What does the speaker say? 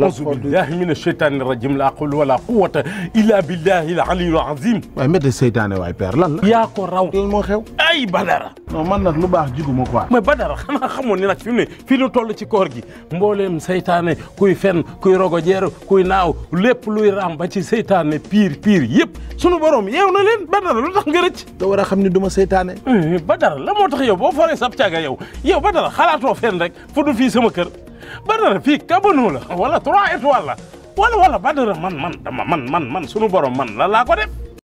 أعوذ بالله من الشيطان الرجيم لا قول ولا قوة إلا بالله العلي العظيم ما دي سيدان واي بير لان يا كو راو اي بدر نعم، ما من لو باخ جيغو مكو ما بدر خما خمو ني نا فيم ني في لو تولو سي كورغي مبولم سيطان كوي فن كوي روغو جيرو كوي ناو ليب لوي رام با سي سيطان بير بير ييب سونو بوروم ييو نا لين بدر لو تخ غيرتش دو ورا خمني دوما سيطان إيه، بدر لا موتخ يو بو فوري ساب تياغا يو بدر خلاطو فن رك فودو في سما كير Badara fii kabanu la wala trois étoiles la wala wala Badara man man dama man man man sunu borom man la laa ko def.